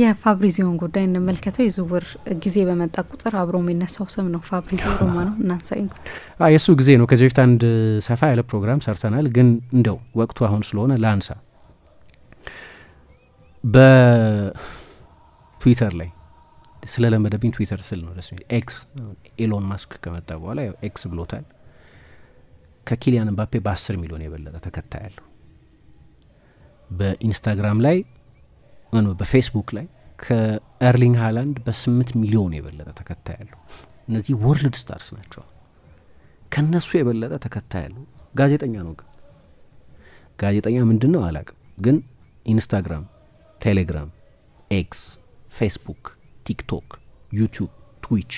የፋብሪዚዮን ጉዳይ እንመልከተው። የዝውውር ጊዜ በመጣ ቁጥር አብሮ የሚነሳው ስም ነው ፋብሪዚዮ ነው። እናንሳ የእሱ ጊዜ ነው። ከዚህ በፊት አንድ ሰፋ ያለ ፕሮግራም ሰርተናል፣ ግን እንደው ወቅቱ አሁን ስለሆነ ላንሳ። በትዊተር ላይ ለመደብኝ ትዊተር ስል ነው ደስ ኤክስ ኢሎን ማስክ ከመጣ በኋላ ኤክስ ብሎታል። ከኪሊያን ምባፔ በአስር ሚሊዮን የበለጠ ተከታይ አለው። በኢንስታግራም ላይ በፌስቡክ ላይ ከኤርሊንግ ሃላንድ በስምንት ሚሊዮን የበለጠ ተከታይ ያለው እነዚህ ወርልድ ስታርስ ናቸው። ከነሱ የበለጠ ተከታይ ያለው ጋዜጠኛ ነው። ግን ጋዜጠኛ ምንድን ነው አላቅም። ግን ኢንስታግራም፣ ቴሌግራም፣ ኤክስ፣ ፌስቡክ፣ ቲክቶክ፣ ዩቲዩብ፣ ትዊች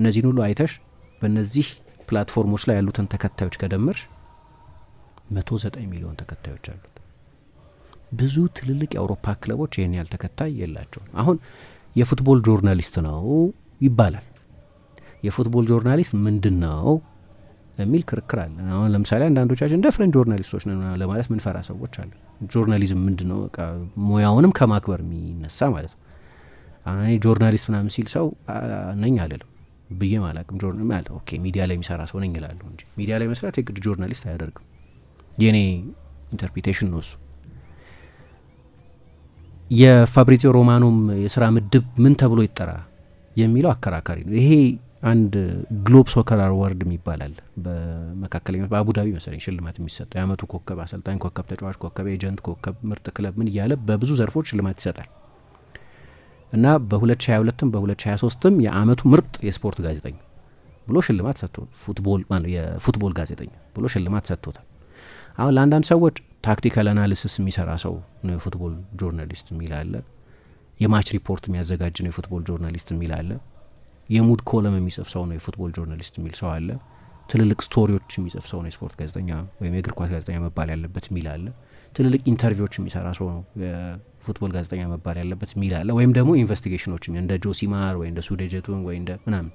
እነዚህን ሁሉ አይተሽ በእነዚህ ፕላትፎርሞች ላይ ያሉትን ተከታዮች ከደመርሽ መቶ ዘጠኝ ሚሊዮን ተከታዮች አሉ። ብዙ ትልልቅ የአውሮፓ ክለቦች ይህን ያህል ተከታይ የላቸውም። አሁን የፉትቦል ጆርናሊስት ነው ይባላል። የፉትቦል ጆርናሊስት ምንድን ነው የሚል ክርክር አለ። አሁን ለምሳሌ አንዳንዶቻችን ደፍረን ጆርናሊስቶች ለማለት ምንፈራ ሰዎች አለ። ጆርናሊዝም ምንድን ነው? ሙያውንም ከማክበር የሚነሳ ማለት ነው። እኔ ጆርናሊስት ምናምን ሲል ሰው ነኝ አልልም ብዬ አላቅም። ኦኬ ሚዲያ ላይ የሚሰራ ሰው ነኝ ይላሉ እንጂ ሚዲያ ላይ መስራት የግድ ጆርናሊስት አያደርግም። የእኔ ኢንተርፕሪቴሽን ነው እሱ። የፋብሪዚዮ ሮማኖም የስራ ምድብ ምን ተብሎ ይጠራ የሚለው አከራካሪ ነው። ይሄ አንድ ግሎብ ሶከር አዋርድ የሚባላል በመካከለኛ በአቡዳቢ መሰለኝ ሽልማት የሚሰጠው የአመቱ ኮከብ፣ አሰልጣኝ ኮከብ፣ ተጫዋች ኮከብ፣ ኤጀንት ኮከብ፣ ምርጥ ክለብ ምን እያለ በብዙ ዘርፎች ሽልማት ይሰጣል እና በ2022ም በ2023ም የአመቱ ምርጥ የስፖርት ጋዜጠኛ ብሎ ሽልማት ሰጥቶ ፉትቦል የፉትቦል ጋዜጠኛ ብሎ ሽልማት ሰጥቶታል። አሁን ለአንዳንድ ሰዎች ታክቲካል አናሊሲስ የሚሰራ ሰው ነው የፉትቦል ጆርናሊስት የሚል አለ። የማች ሪፖርት የሚያዘጋጅ ነው የፉትቦል ጆርናሊስት የሚል አለ። የሙድ ኮለም የሚጽፍ ሰው ነው የፉትቦል ጆርናሊስት የሚል ሰው አለ። ትልልቅ ስቶሪዎች የሚጽፍ ሰው ነው የስፖርት ጋዜጠኛ ወይም የእግር ኳስ ጋዜጠኛ መባል ያለበት የሚል አለ። ትልልቅ ኢንተርቪዎች የሚሰራ ሰው ነው የፉትቦል ጋዜጠኛ መባል ያለበት የሚል አለ። ወይም ደግሞ ኢንቨስቲጌሽኖች እንደ ጆሲማር ወይ እንደ ሱደጀቱን ወይ እንደ ምናምን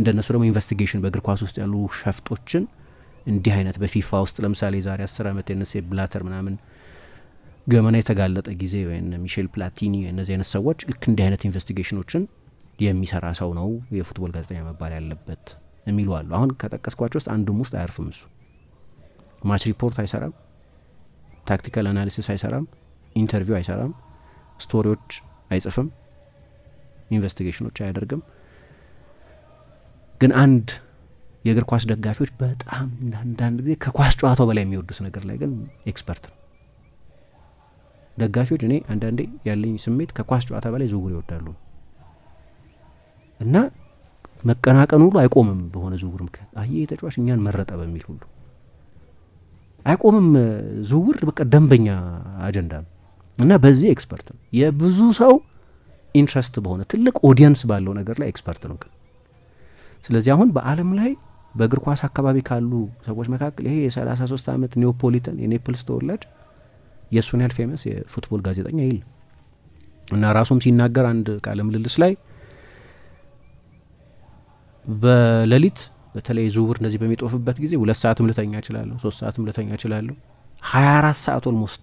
እንደነሱ ደግሞ ኢንቨስቲጌሽን በእግር ኳስ ውስጥ ያሉ ሸፍጦችን እንዲህ አይነት በፊፋ ውስጥ ለምሳሌ ዛሬ አስር ዓመት የነሴ ብላተር ምናምን ገመና የተጋለጠ ጊዜ ወይም ሚሼል ፕላቲኒ እነዚህ አይነት ሰዎች ልክ እንዲህ አይነት ኢንቨስቲጌሽኖችን የሚሰራ ሰው ነው የፉትቦል ጋዜጠኛ መባል ያለበት የሚሉ አሉ። አሁን ከጠቀስኳቸው ውስጥ አንዱም ውስጥ አያርፍም። እሱ ማች ሪፖርት አይሰራም፣ ታክቲካል አናሊሲስ አይሰራም፣ ኢንተርቪው አይሰራም፣ ስቶሪዎች አይጽፍም፣ ኢንቨስቲጌሽኖች አያደርግም ግን አንድ የእግር ኳስ ደጋፊዎች በጣም አንዳንድ ጊዜ ከኳስ ጨዋታው በላይ የሚወዱት ነገር ላይ ግን ኤክስፐርት ነው። ደጋፊዎች እኔ አንዳንዴ ያለኝ ስሜት ከኳስ ጨዋታ በላይ ዝውውር ይወዳሉ እና መቀናቀን ሁሉ አይቆምም። በሆነ ዝውውር ምክንያት አየ የተጫዋች እኛን መረጠ በሚል ሁሉ አይቆምም። ዝውውር በቃ ደንበኛ አጀንዳ ነው እና በዚህ ኤክስፐርት ነው። የብዙ ሰው ኢንትረስት በሆነ ትልቅ ኦዲየንስ ባለው ነገር ላይ ኤክስፐርት ነው ግን ስለዚህ አሁን በዓለም ላይ በእግር ኳስ አካባቢ ካሉ ሰዎች መካከል ይሄ የሰላሳ ሶስት አመት ኒዮፖሊተን የኔፕልስ ተወላጅ የእሱን ያህል ፌመስ የፉትቦል ጋዜጠኛ ይል እና ራሱም ሲናገር አንድ ቃለ ምልልስ ላይ በሌሊት በተለይ ዝውውር እንደዚህ በሚጦፍበት ጊዜ ሁለት ሰዓት ምልተኛ እችላለሁ፣ ሶስት ሰዓት ምልተኛ እችላለሁ። ሀያ አራት ሰዓት ኦልሞስት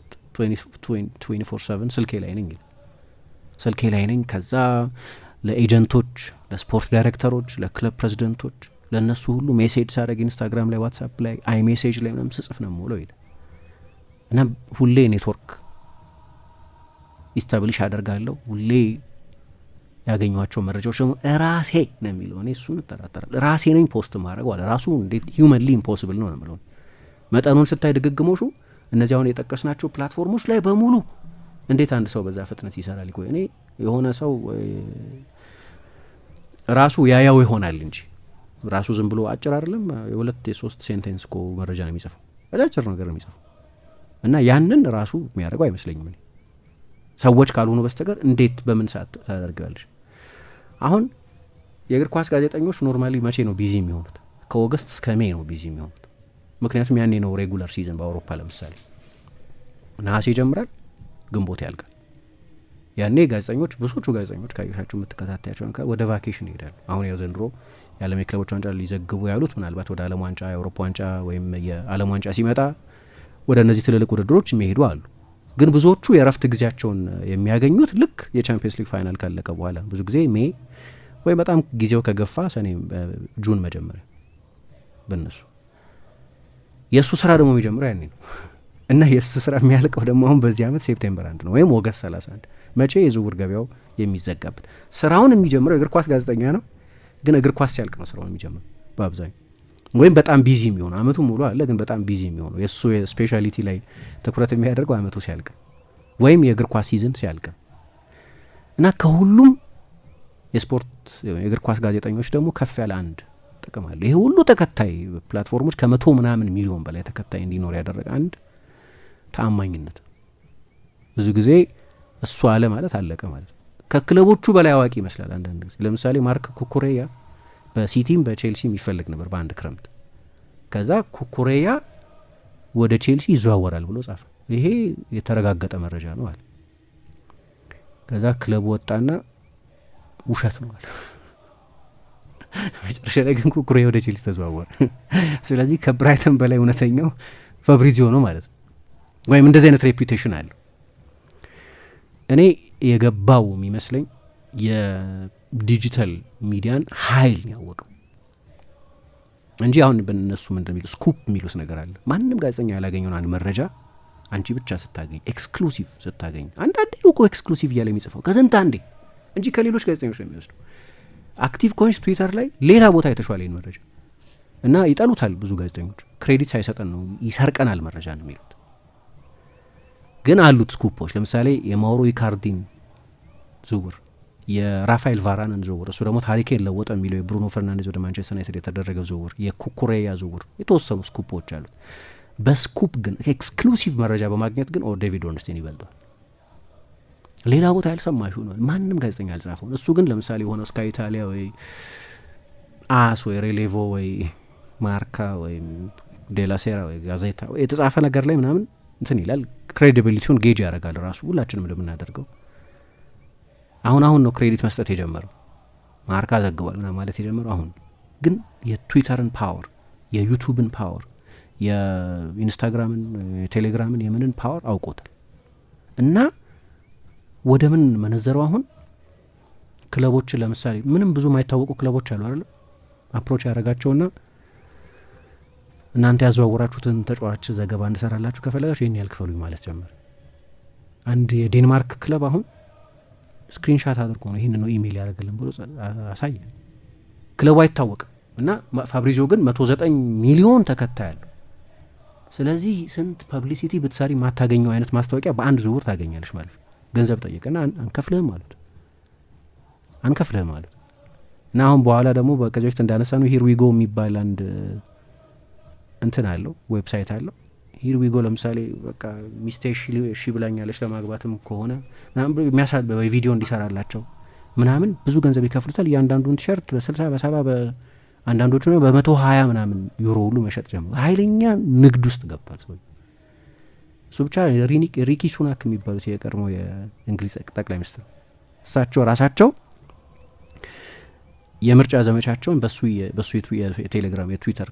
ትዌንቲ ፎር ሰቨን ስልኬ ላይ ነኝ ይል ስልኬ ላይ ነኝ። ከዛ ለኤጀንቶች፣ ለስፖርት ዳይሬክተሮች፣ ለክለብ ፕሬዚደንቶች ለእነሱ ሁሉ ሜሴጅ ሳደረግ ኢንስታግራም ላይ ዋትሳፕ ላይ አይ ሜሴጅ ላይ ምናምን ስጽፍ ነው ሞለው ይል እና ሁሌ ኔትወርክ ኢስታብሊሽ አደርጋለሁ ሁሌ ያገኟቸው መረጃዎች ደግሞ ራሴ ነው የሚለው እኔ እሱን እጠራጠራል ራሴ ነኝ ፖስት ማድረግ ዋለ ራሱ እንዴት ሂውመንሊ ኢምፖስብል ነው የምለው። መጠኑን ስታይ ድግግሞሹ እነዚህ አሁን የጠቀስናቸው ፕላትፎርሞች ላይ በሙሉ እንዴት አንድ ሰው በዛ ፍጥነት ይሰራል? እኮ እኔ የሆነ ሰው ራሱ ያያው ይሆናል እንጂ ራሱ ዝም ብሎ አጭር አይደለም። የሁለት የሶስት ሴንቴንስ ኮ መረጃ ነው የሚጽፈው፣ አጫጭር ነገር ነው የሚጽፈው እና ያንን ራሱ የሚያደርገው አይመስለኝም። እኔ ሰዎች ካልሆኑ በስተቀር እንዴት በምን ሰዓት ታደርገዋለች? አሁን የእግር ኳስ ጋዜጠኞች ኖርማሊ መቼ ነው ቢዚ የሚሆኑት? ከኦገስት እስከ ሜ ነው ቢዚ የሚሆኑት። ምክንያቱም ያኔ ነው ሬጉላር ሲዝን በአውሮፓ ለምሳሌ ነሐሴ ይጀምራል፣ ግንቦት ያልቃል። ያኔ ጋዜጠኞች ብዙዎቹ ጋዜጠኞች ካየሻቸው የምትከታተያቸው ወደ ቫኬሽን ይሄዳሉ። አሁን ያው ዘንድሮ የዓለም የክለቦች ዋንጫ ሊዘግቡ ያሉት ምናልባት ወደ ዓለም ዋንጫ የአውሮፓ ዋንጫ ወይም የዓለም ዋንጫ ሲመጣ ወደ እነዚህ ትልልቅ ውድድሮች የሚሄዱ አሉ። ግን ብዙዎቹ የእረፍት ጊዜያቸውን የሚያገኙት ልክ የቻምፒየንስ ሊግ ፋይናል ካለቀ በኋላ ብዙ ጊዜ ሜ ወይም በጣም ጊዜው ከገፋ ሰኔ፣ ጁን መጀመሪያ ብነሱ የእሱ ስራ ደግሞ የሚጀምረው ያኔ ነው እና የእሱ ስራ የሚያልቀው ደግሞ አሁን በዚህ ዓመት ሴፕቴምበር አንድ ነው ወይም ኦገስት 31 መቼ የዝውውር ገበያው የሚዘጋበት ስራውን የሚጀምረው የእግር ኳስ ጋዜጠኛ ነው ግን እግር ኳስ ሲያልቅ ነው ስራው የሚጀምር በአብዛኛው ወይም በጣም ቢዚ የሚሆነ አመቱ ሙሉ አለ ግን በጣም ቢዚ የሚሆነው የእሱ የስፔሻሊቲ ላይ ትኩረት የሚያደርገው አመቱ ሲያልቅ ወይም የእግር ኳስ ሲዝን ሲያልቅ እና ከሁሉም የስፖርት የእግር ኳስ ጋዜጠኞች ደግሞ ከፍ ያለ አንድ ጥቅም አለ። ይሄ ሁሉ ተከታይ ፕላትፎርሞች ከመቶ ምናምን ሚሊዮን በላይ ተከታይ እንዲኖር ያደረገ አንድ ተአማኝነት ብዙ ጊዜ እሱ አለ ማለት አለቀ ማለት ነው። ከክለቦቹ በላይ አዋቂ ይመስላል። አንዳንድ ጊዜ ለምሳሌ ማርክ ኩኩሬያ በሲቲም በቼልሲም ይፈልግ ነበር በአንድ ክረምት። ከዛ ኩኩሬያ ወደ ቼልሲ ይዘዋወራል ብሎ ጻፈ። ይሄ የተረጋገጠ መረጃ ነው አለ። ከዛ ክለቡ ወጣና ውሸት ነው አለ። መጨረሻ ላይ ግን ኩኩሬያ ወደ ቼልሲ ተዘዋወረ። ስለዚህ ከብራይተን በላይ እውነተኛው ፋብሪዚዮ ነው ማለት ነው፣ ወይም እንደዚህ አይነት ሬፒቴሽን አለው እኔ የገባው የሚመስለኝ የዲጂታል ሚዲያን ሀይል ያወቀው እንጂ አሁን በነሱ ምንድ ነው ስኩፕ የሚሉት ነገር አለ። ማንም ጋዜጠኛ ያላገኘውን አንድ መረጃ አንቺ ብቻ ስታገኝ ኤክስክሉሲቭ ስታገኝ፣ አንዳንዴ እኮ ኤክስክሉሲቭ እያለ የሚጽፈው ከስንት አንዴ እንጂ ከሌሎች ጋዜጠኞች ነው የሚወስደው። አክቲቭ ከሆንሽ ትዊተር ላይ ሌላ ቦታ የተሸዋለ የተሻለይን መረጃ እና ይጠሉታል። ብዙ ጋዜጠኞች ክሬዲት ሳይሰጠን ነው ይሰርቀናል መረጃ ነው የሚሉት። ግን አሉት ስኩፖች። ለምሳሌ የማውሮ ኢካርዲን ዝውውር የራፋኤል ቫራንን ዝውውር እሱ ደግሞ ታሪክ የለወጠ የሚለው የብሩኖ ፈርናንዴዝ ወደ ማንቸስተር ዩናይትድ የተደረገው ዝውውር፣ የኩኩሬያ ዝውውር የተወሰኑ ስኩፖች አሉት። በስኩፕ ግን ኤክስክሉሲቭ መረጃ በማግኘት ግን ዴቪድ ኦርንስቲን ይበልጠዋል። ሌላ ቦታ ያልሰማሽ ነው፣ ማንም ጋዜጠኛ ያልጻፈውን። እሱ ግን ለምሳሌ የሆነ ስካይ ኢታሊያ ወይ አስ ወይ ሬሌቮ ወይ ማርካ ወይም ዴላሴራ ወይ ጋዜታ የተጻፈ ነገር ላይ ምናምን እንትን ይላል። ክሬዲቢሊቲውን ጌጅ ያደርጋል ራሱ ሁላችንም እንደምናደርገው አሁን አሁን ነው ክሬዲት መስጠት የጀመረው ማርካ ዘግቧል ምናምን ማለት የጀመረው አሁን ግን የትዊተርን ፓወር የዩቱብን ፓወር የኢንስታግራምን የቴሌግራምን የምንን ፓወር አውቆታል እና ወደ ምን መነዘረው አሁን ክለቦችን ለምሳሌ ምንም ብዙ ማይታወቁ ክለቦች አሉ አለ አፕሮች ያደረጋቸውና እናንተ ያዘዋወራችሁትን ተጫዋች ዘገባ እንሰራላችሁ ከፈለጋችሁ ይህን ያልክፈሉኝ ማለት ጀመር አንድ የዴንማርክ ክለብ አሁን ስክሪንሻት አድርጎ ነው ይህን ነው ኢሜይል ያደረገልን ብሎ አሳየ። ክለቡ አይታወቅም እና ፋብሪዚዮ ግን መቶ ዘጠኝ ሚሊዮን ተከታይ አለው። ስለዚህ ስንት ፐብሊሲቲ ብትሰሪ ማታገኘው አይነት ማስታወቂያ በአንድ ዝውውር ታገኛለች ማለት ነው። ገንዘብ ጠየቀና አንከፍልህም አሉት። አንከፍልህም አሉት እና አሁን በኋላ ደግሞ ከዚህ እንዳነሳ ነው ሂርዊጎ የሚባል አንድ እንትን አለው ዌብሳይት አለው ሂርዊጎ ለምሳሌ በቃ ሚስቴ ሺ ብላኛለች ለማግባትም ከሆነ የሚያሳበበ ቪዲዮ እንዲሰራላቸው ምናምን ብዙ ገንዘብ ይከፍሉታል። እያንዳንዱን ቲሸርት በስልሳ በሰባ አንዳንዶቹ በመቶ ሀያ ምናምን ዩሮ ሁሉ መሸጥ ጀምሮ ኃይለኛ ንግድ ውስጥ ገብቷል ሰው እሱ ብቻ ሪኪ ሱናክ የሚባሉት የቀድሞ የእንግሊዝ ጠቅላይ ሚኒስትር እሳቸው ራሳቸው የምርጫ ዘመቻቸውን በሱ የቴሌግራም የትዊተር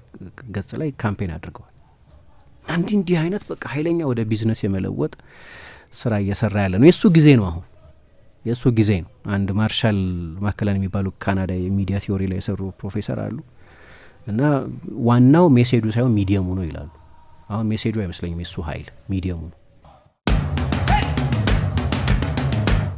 ገጽ ላይ ካምፔን አድርገዋል። እንዲህ እንዲህ አይነት በቃ ኃይለኛ ወደ ቢዝነስ የመለወጥ ስራ እየሰራ ያለ ነው። የእሱ ጊዜ ነው አሁን የእሱ ጊዜ ነው። አንድ ማርሻል ማከላን የሚባሉ ካናዳ የሚዲያ ቲዎሪ ላይ የሰሩ ፕሮፌሰር አሉ እና ዋናው ሜሴጁ ሳይሆን ሚዲየሙ ነው ይላሉ። አሁን ሜሴጁ አይመስለኝም የእሱ ኃይል ሚዲየሙ ነው።